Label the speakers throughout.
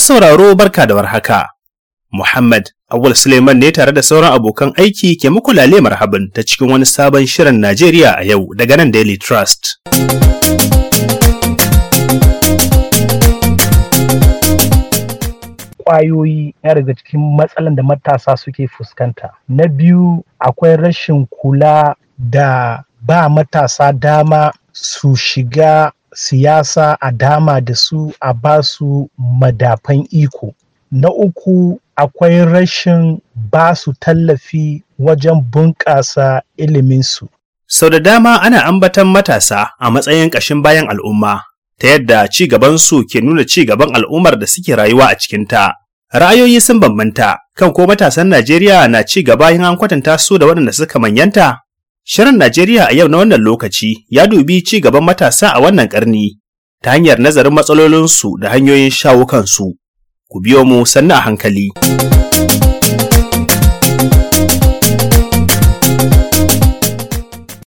Speaker 1: Masu sauraro barka da warhaka. Muhammad Awul Suleiman ne tare da sauran abokan aiki ke muku lale marhabin ta cikin wani sabon shirin Najeriya a yau daga nan Daily Trust.
Speaker 2: Ƙwayoyi ya daga cikin matsalan da matasa suke fuskanta. Na biyu akwai rashin kula da ba matasa dama su shiga siyasa a dama da su a ba su madafan iko na uku akwai rashin ba su tallafi wajen bunƙasa iliminsu sau
Speaker 1: da dama ana ambatan matasa a matsayin ƙashin bayan al'umma ta yadda ci gabansu ke nuna ci gaban al'ummar da suke rayuwa a cikinta ra'ayoyi sun bambanta kan ko matasan najeriya na ci gaba yin an kwatanta su da waɗanda suka manyanta Shirin Najeriya a yau na wannan lokaci ya dubi ci gaban matasa a wannan ƙarni ta hanyar nazarin matsalolinsu da hanyoyin shawo kansu. Ku biyo mu sannu a hankali.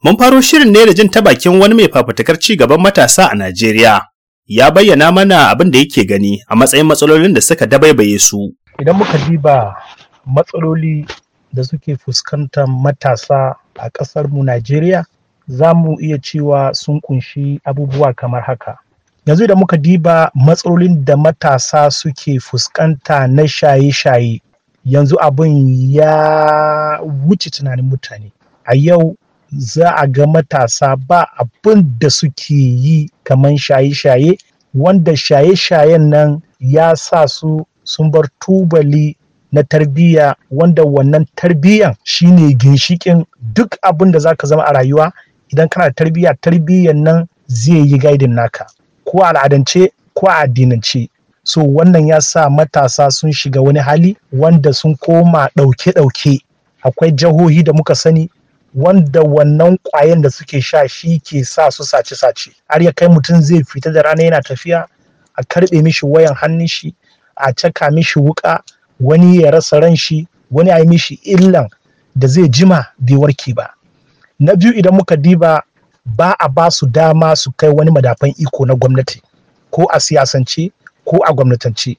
Speaker 1: Mun faro shirin ne da jin ta bakin wani mai fafutukar ci gaban matasa a Najeriya. Ya bayyana mana abin da yake gani a matsayin matsalolin da suka dabaibaye su.
Speaker 2: Idan muka diba matsaloli da suke fuskantar matasa a ƙasar mu Najeriya za mu iya cewa sun kunshi abubuwa kamar haka. Yanzu da muka diba matsalolin da matasa suke fuskanta na shaye-shaye yanzu abin ya wuce tunanin mutane. A yau za a ga matasa ba abin da suke yi kamar shaye-shaye wanda shaye-shayen nan ya sa su sun bar tubali na tarbiyya wanda wannan tarbiyyan shine ginshikin duk abin da ka zama a rayuwa idan kana da tarbiyya tarbiyyan nan zai yi gaidin naka ko a al'adance ko a addinance so wannan ya sa matasa sun shiga wani hali wanda sun koma ɗauke-ɗauke akwai jahohi da muka sani wanda wannan ƙwayan da suke sha shi ke sa su sace-sace har ya kai mutum zai fita da rana yana tafiya a karɓe mishi wayan hannun shi a caka mishi wuƙa wani ya rasa ran shi wani a mishi illan da zai jima bai warke ba na biyu idan muka diba ba a ba su dama su kai wani madafan iko na gwamnati ko a siyasance ko a gwamnatance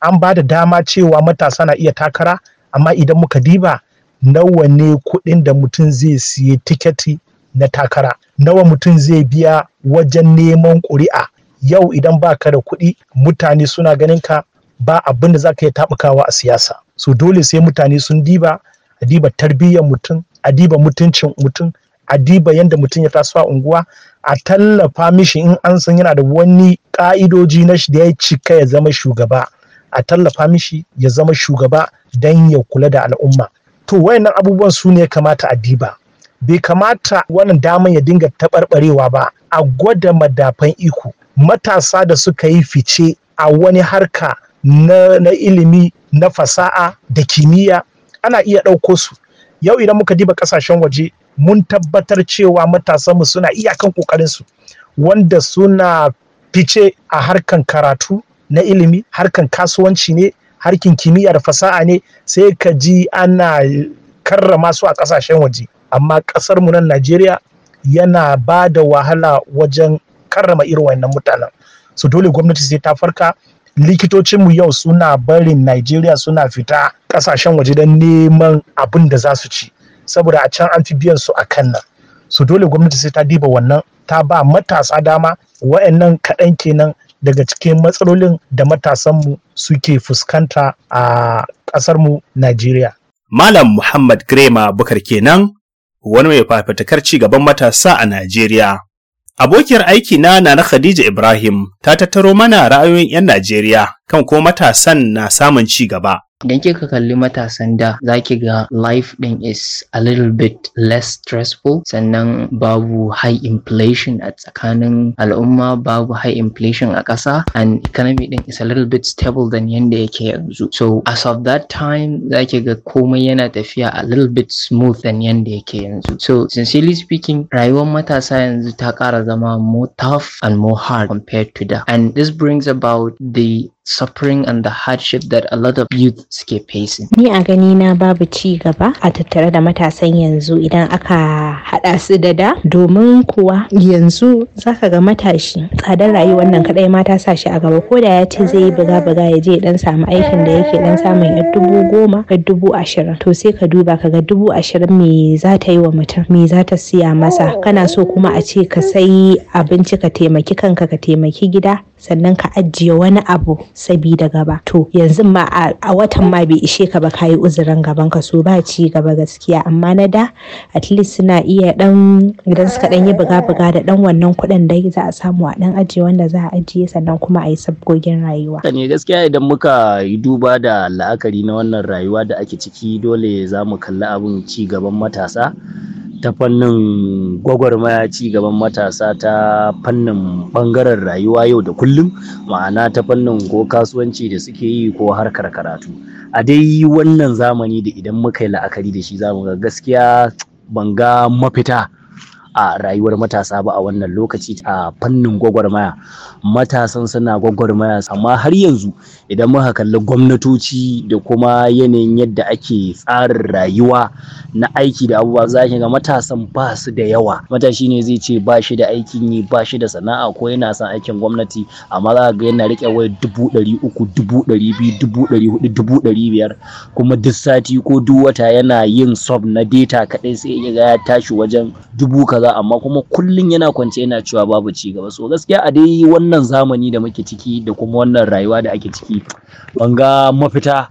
Speaker 2: an ba da dama cewa matasa na iya takara amma idan muka diba nawa ne kuɗin da mutum zai siye tiketi na takara nawa mutum zai biya wajen neman ƙuri'a yau idan ba ka da kuɗi mutane suna ganin ka ba abin da za ka yi taɓukawa a siyasa so dole sai mutane sun diba a diba tarbiyyar mutum a diba mutuncin mutum a diba yadda mutum ya taso a unguwa a tallafa mishi in an san yana da wani ƙa'idoji na shi da ya cika ya zama shugaba a tallafa mishi ya zama shugaba don ya kula da al'umma to wayannan abubuwan su ne ya kamata a diba bai kamata wannan daman ya dinga taɓarɓarewa ba a gwada madafan iko matasa da suka yi fice a wani harka na, na ilimi na fasa'a da kimiyya ana iya ɗauko su yau idan muka diba ƙasashen waje mun tabbatar cewa matasanmu suna iyakan su wanda suna fice a harkan karatu na ilimi harkan kasuwanci ne harkin kimiyya da fasa'a ne sai ka ji ana karrama su a ƙasashen waje amma ƙasarmu nan najeriya yana ba da wahala wajen karrama irin wannan mutanen su dole gwamnati sai ta farka likitocinmu yau suna barin Najeriya suna fita ƙasashen waje don neman abin da za su ci saboda a can an fi biyan su a kan nan su dole gwamnati sai ta diba wannan ta ba matasa dama wa'annan kaɗan kenan daga cikin matsalolin da matasanmu suke fuskanta a ƙasarmu Najeriya.
Speaker 1: Malam Muhammad Grema Bukar kenan wani mai fafatakar ci gaban matasa a Najeriya. Abokiyar aiki na Nana Khadija Ibrahim ta tattaro mana ra'ayoyin 'yan Najeriya kan ko matasan na samun ci gaba.
Speaker 3: idan kika kalli matasan da za ki ga life din is a little bit less stressful sannan babu high inflation a tsakanin al'umma babu high inflation a ƙasa and economy din is a little bit stable than yanda yake yanzu so as of that time za ki ga komai yana tafiya a little bit smooth than yanda yake yanzu so sincerely speaking rayuwar matasa yanzu ta ƙara zama more tough and more hard compared to that and this brings about the suffering and the hardship that a lot of youth suke facing. Ni a gani
Speaker 1: na babu ci gaba a tattare da matasan yanzu idan aka haɗa su da da domin kuwa yanzu zaka ga matashi tsadar rayuwar nan kaɗai mata sa shi a gaba ko da ya ce zai yi buga buga ya je dan samu aikin da yake dan samun yar dubu goma ga dubu ashirin to sai ka duba ka ga dubu ashirin me za ta yi wa mutum me za ta siya masa kana so kuma a ce ka sai abinci ka taimaki kanka ka taimaki gida sannan ka ajiye wani abu sabida gaba to yanzu ma a watan ma bai ishe ka ba kayi uzurin gaban ka so ba ci gaba gaskiya amma na da at least suna iya dan idan suka dan yi buga buga da dan wannan kuɗin da za a samu a dan ajiye wanda za a ajiye sannan kuma a yi sabgogin rayuwa
Speaker 3: ne gaskiya idan muka yi duba da la'akari na wannan rayuwa da ake ciki dole za mu kalli abun ci gaban matasa ta fannin gwagwarmaya ci gaban matasa ta fannin ɓangaren rayuwa yau da kullum ma'ana ta fannin ko kasuwanci da suke yi ko harkar karatu a dai wannan zamani da idan muka yi la'akari da shi zamu ga gaskiya banga mafita a rayuwar matasa ba a wannan lokaci a fannin gwagwarmaya matasan suna gwagwarmaya amma har yanzu idan muka kalli gwamnatoci da kuma yanayin yadda ake tsarin rayuwa na aiki da abubuwa za ga matasan ba su da yawa matashi ne zai ce ba shi da aikin yi ba shi da sana'a ko yana son aikin gwamnati amma za ga yana riƙe wai dubu ɗari uku dubu ɗari biyu dubu ɗari hudu dubu ɗari biyar kuma duk sati ko duk wata yana yin sub na data kaɗai sai ya tashi wajen dubu kaza kaza amma kuma kullun yana kwance yana cewa babu ci gaba so gaskiya a dai wannan zamani da muke ciki da kuma wannan rayuwa da ake ciki ban ga mafita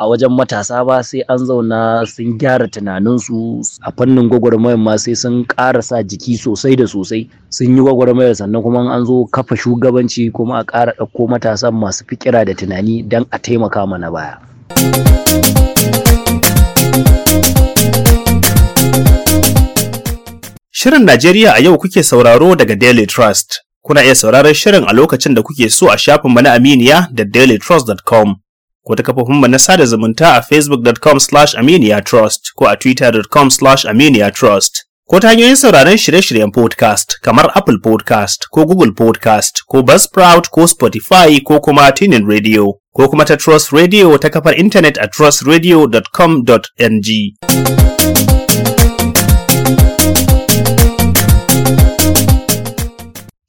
Speaker 3: a wajen matasa ba sai an zauna sun gyara tunaninsu a fannin gwagwarmayar ma sai sun ƙara sa jiki sosai da sosai sun yi gwagwarmayar sannan kuma an zo kafa shugabanci kuma a ƙara ɗauko matasan masu fikira da tunani don a taimaka mana baya.
Speaker 1: Shirin Najeriya a yau kuke sauraro daga Daily Trust. Kuna iya sauraron shirin a lokacin da kuke so a shafinmu na Aminiya da dailytrust.com ko ta kafofinmu na sada zumunta a facebookcom aminiyatrust ko a twittercom aminiyatrust ko ta hanyoyin sauraron shirye-shiryen podcast kamar Apple podcast ko Google podcast ko Buzzsprout ko Spotify ko kuma Tinin Radio ko kuma ta Trust Radio ta kafar intanet a trustradio.com.ng.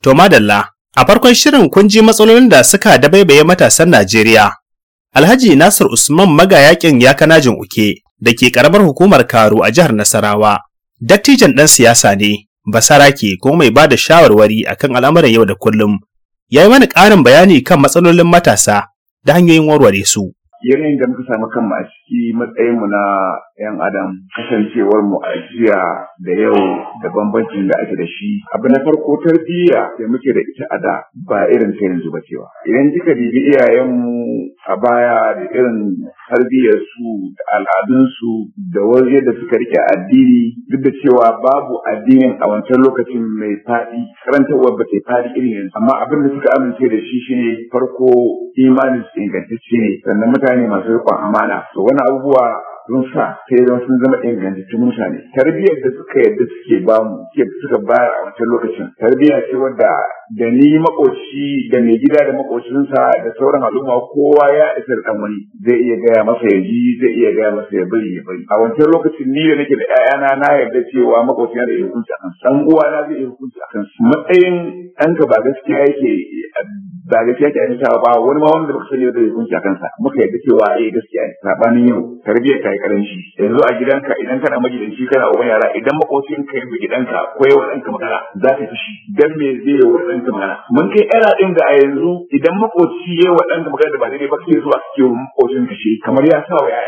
Speaker 1: To madalla, a farkon shirin kun ji matsalolin da suka dabaibaye matasan Najeriya. Alhaji Nasir Usman maga yakin ya kanajin uke da ke karamar hukumar Karo a jihar Nasarawa. Dattijan ɗan siyasa ne, basarake ko mai ba da shawarwari akan al'amuran yau da kullum. Ya yi mana ƙarin bayani kan matsalolin matasa da hanyoyin warware su.
Speaker 4: yanayin da muka samu kanmu a ciki matsayinmu na 'yan adam kasancewar mu a jiya da yau da bambancin da ake da shi abu na farko tarbiyya da muke da ita a da ba irin ta yanzu ba cewa idan kika bibi iyayenmu a baya da irin tarbiyyarsu da al'adunsu da wani da suka rike addini duk da cewa babu addinin a wancan lokacin mai faɗi karantarwar ba ta faɗi irin yanzu amma abin da suka amince da shi shine farko imanin ingantacce ne sannan mutane ne masu riƙon amana to wani abubuwa sun sa sai don sun zama ingantattun mutane tarbiyyar da suka yadda suke bamu suka bayar a wancan lokacin tarbiyya ce wadda da ni makoci da mai gida da makocinsa da sauran al'umma kowa ya isa da wani zai iya gaya masa ya ji zai iya gaya masa ya bari ya bari a wancan lokacin ni da nake da ƴaƴana na yarda cewa makocina da iya hukunci akan dan na zai iya hukunci akan matsayin ɗanka ba gaskiya yake ba gaskiya yake ta ba wani ma wanda baka sani zai hukunci a kansa. muka yarda cewa eh gaskiya ne sabanin yau tarbiyyar ta yi karanci yanzu a gidanka idan kana magidanci kana uban yara idan makocin ka yi gidanka ko wa ɗanka magana za ta fushi dan me zai yi wa ɗanka magana mun kai era din da a yanzu idan makoci ya yi wa ɗanka magana da ba daidai ba sai zuwa suke wa makocin ka shi kamar ya sa wa ka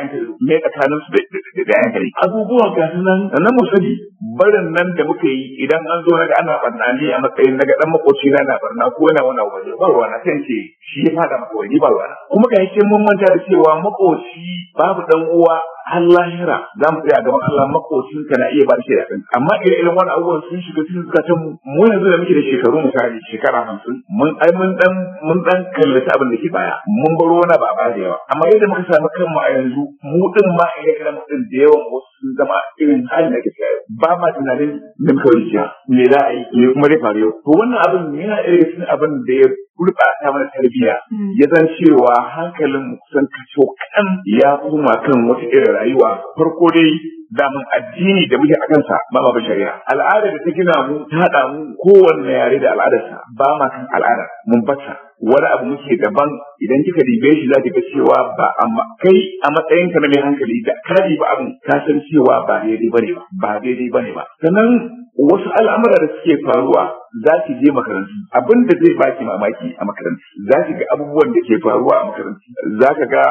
Speaker 4: me tsakanin su da ƴaƴan ka ne abubuwan ga su nan nan mu sani barin nan da muka yi idan an zo naga ana barna ni a matsayin naga dan makoci na na barna ko yana wani abu ba ruwa na sai ce shi ya fada maka wani ba ruwa kuma yi yake mun manta da cewa makoci babu dan uwa har lahira za mu tsaya gaban Allah ka na iya ba da amma ire irin wani abubuwan sun shiga cikin zukatan mu yanzu da muke da shekaru kai shekara hamsin mun ai mun dan mun dan kallaci abin da ke baya mun baro wani ba da yawa amma yadda muka samu kanmu a yanzu mu din ma ire mu din da yawan wasu sun zama irin halin da kake ba ma tunanin min kawai jiya me za a yi me kuma zai faru to wannan abin yana irin abin da ya gurɓata mana tarbiyya hmm. ya zan cewa hankalin mu kusan kaso kan ya koma kan wata irin rayuwa farko dai mun addini da muke a kansa ba ma shari'a al'ada da ta gina mu ta haɗa mu kowanne yare da al'adarsa ba ma kan al'ada mun bata wani abu muke daban idan kika dibe shi za ki ga cewa ba amma kai a matsayin ka na mai hankali da kari ba abin ka san cewa ba daidai ne ba ba daidai bane ba sannan wasu al'amura da suke faruwa za su je makarantu abin da zai baki mamaki a makarantu za ga abubuwan da ke faruwa a makarantu za ka ga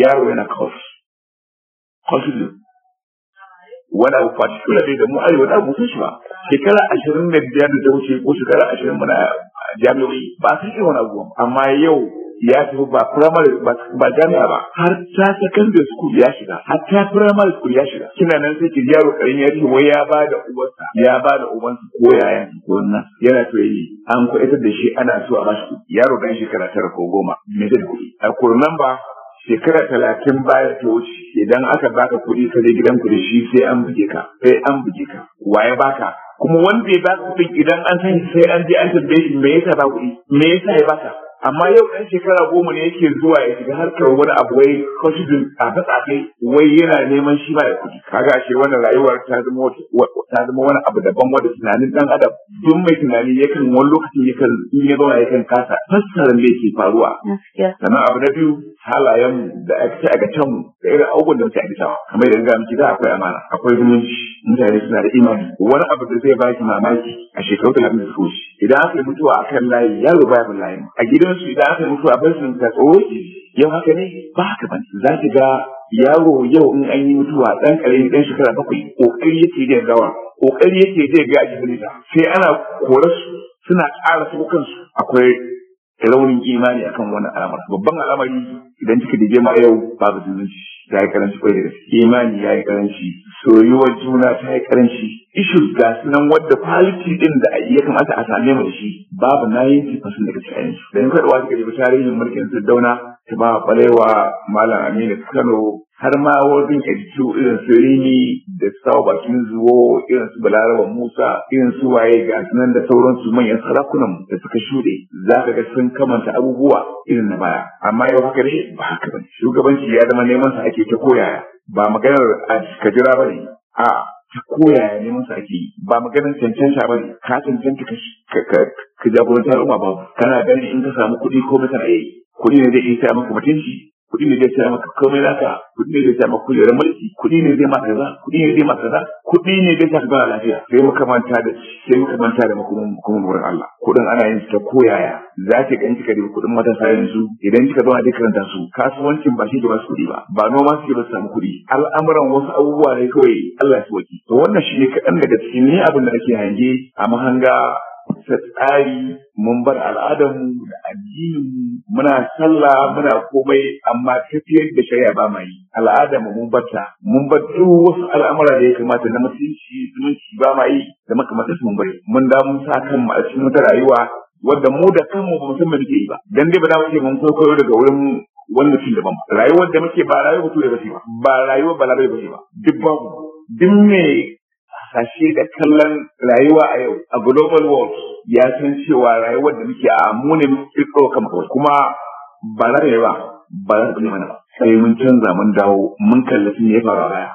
Speaker 4: yaro yana kawus kawus wani abu Fati da mu arewa da abu shi ba shekara ashirin da biyar da ta wuce ko shekara ashirin muna jami'o'i ba su iya wani abu amma yau ya tafi ba primary ba jami'a ba har ta secondary school ya shiga har ta primary school ya shiga kina nan sai ki yaro karin ya ce wai ya ba da uwarsa ya ba da ubansa ko yayan wannan yana to yi an ita da shi ana so a bashi yaro dan shekara tara ko goma me zai kuɗi a kurnan ba shekara talatin baya ta wuce idan aka baka kuɗi ka je gidan da shi sai an buge ka sai an buge ka waye baka kuma wanda ya baka kuɗi idan an san sai an je an tambaye shi me yasa ba kuɗi me yasa ya baka amma yau ɗan shekara goma ne yake zuwa ya shiga harkar wani abu wai kwashidin a tsafe wai yana neman shi ma da kuɗi kaga shi wannan rayuwar ta zama wani abu daban wanda tunanin ɗan adam duk mai tunani yakan wani lokacin yakan in ya zauna yakan kasa fassara me ke faruwa sannan abu na biyu halayen da aka ce a can da irin abubuwan da muke aikata kamar idan ga miki da akwai amana akwai zumunci mutane suna da imani wani abu da zai baki mamaki a shekaru talatin da su idan aka yi mutuwa akan layi yaro baya bin layin a gidan su idan aka mutu a bar su ta yau haka ne ba haka ba za ki ga yaro yau in an yi mutuwa dan karami dan shekara bakwai kokari yake zai gawa kokari yake da ga ajibulita sai ana korasu suna ƙara su kansu akwai raunin imani akan wani alamar. babban al'amari idan kika dige ma yau babu zumunci ya yi karanci kwai da gaske imani ya yi karanci soyuwar juna ta yi karanci issues ga sunan nan wadda quality din da ya kamata a same mu shi babu na yin fasin daga cikin su da yanzu da kika tarihin mulkin Sardauna ta ba balewa malam Aminu Kano har ma wajen editu irin sirini da sawa bakin zuwo irin su balaraba musa irin su waye ga nan da sauransu manyan sarakunan da suka shuɗe za ka ga sun kamanta abubuwa irin na baya amma yau haka ne ba haka ba shugabanci ya zama neman sa ake ta koyaya ba maganar a ka jira ba ne a ta koyaya neman sa ake yi ba maganar cancanta ba ne ka cancanta ka jagoranci al'umma ba kana ganin in ka samu kuɗi ko mutane yayi kuɗi ne zai iya maka mutunci kuɗi ne zai sa maka komai naka kuɗi ne zai sa maka kujerar mulki kuɗi ne zai maka za kuɗi ne zai maka za kuɗi ne zai saka bana lafiya sai muka manta da sai muka manta da makomin wurin Allah kuɗin ana yin ta koyaya za ki ga in da kuɗin matasa yanzu idan kika zama da karanta su kasuwancin ba shi da wasu kuɗi ba ba noma suke ba su samu kuɗi al'amuran wasu abubuwa ne kawai Allah ya waki to wannan shi ne kaɗan daga cikin ni abin da nake hange a mahanga ta tsari mun bar al'adarmu da addinin muna sallah muna komai amma tafiyar da shari'a ba ma yi al'ada mu mun bata mun bar duk wasu al'amura da ya kamata na mun ci ba ma yi da makamantar mun bari mun da mun sa kan mu a cikin wata rayuwa wanda mu da kanmu ba mu san me muke yi ba dan dai ba za mu ce mun koyo daga wurin wani cin daban rayuwar da muke ba rayuwa mutum da bace ba ba rayuwar ba rayuwa ba duk ba. duk me hasashe da kallon rayuwa a yau a global world ya san cewa rayuwar da muke a mune ne muke ɗaukar kawai kuma ba za ta ba ba za ne mana sai mun canza mun dawo mun kallafi ne ba baya.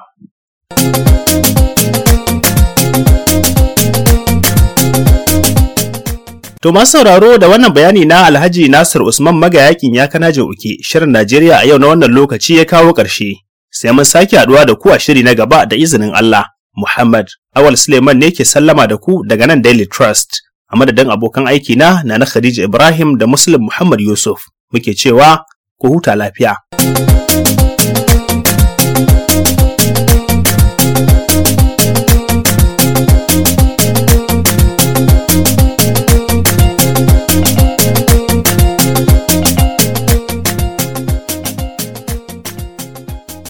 Speaker 1: To masu sauraro da wannan bayani na Alhaji Nasir Usman magayakin ya kana uke shirin Najeriya a yau na wannan lokaci ya kawo ƙarshe. Sai mun sake haɗuwa da ku a shiri na gaba da izinin Allah. Muhammad Awal Suleiman ne ke sallama da ku daga nan Daily Trust. a madadin abokan aiki na na Khadija Ibrahim da Muslim Muhammad Yusuf muke cewa ku huta lafiya.